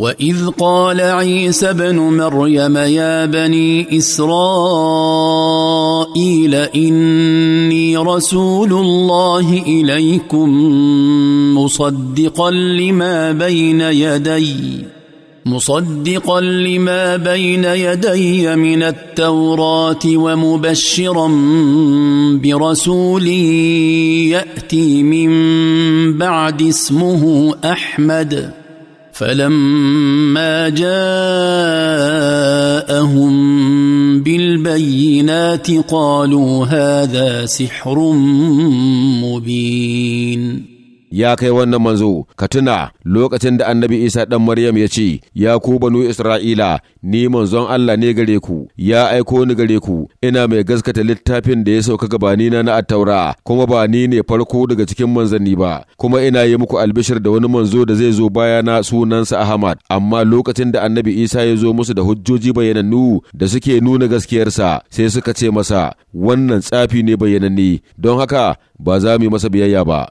واذ قال عيسى ابن مريم يا بني اسرائيل اني رسول الله اليكم مصدقا لما بين يدي مصدقا لما بين يدي من التوراه ومبشرا برسول ياتي من بعد اسمه احمد فلما جاءهم بالبينات قالوا هذا سحر مبين ya kai wannan manzo ka tuna lokacin da annabi isa ɗan maryam ya ce ya ku banu isra'ila ni manzon allah ne gare ku ya aiko ni gare ku ina mai gaskata littafin da ya sauka gabanina na attaura kuma ba ni ne farko daga cikin manzanni ba kuma ina yi muku albishir da wani manzo da zai zo baya na sunansa ahmad amma lokacin da annabi isa ya zo musu da hujjoji bayyanannu da suke nuna gaskiyarsa sai suka ce masa wannan tsafi ne bayyananne don haka ba za mu yi masa biyayya ba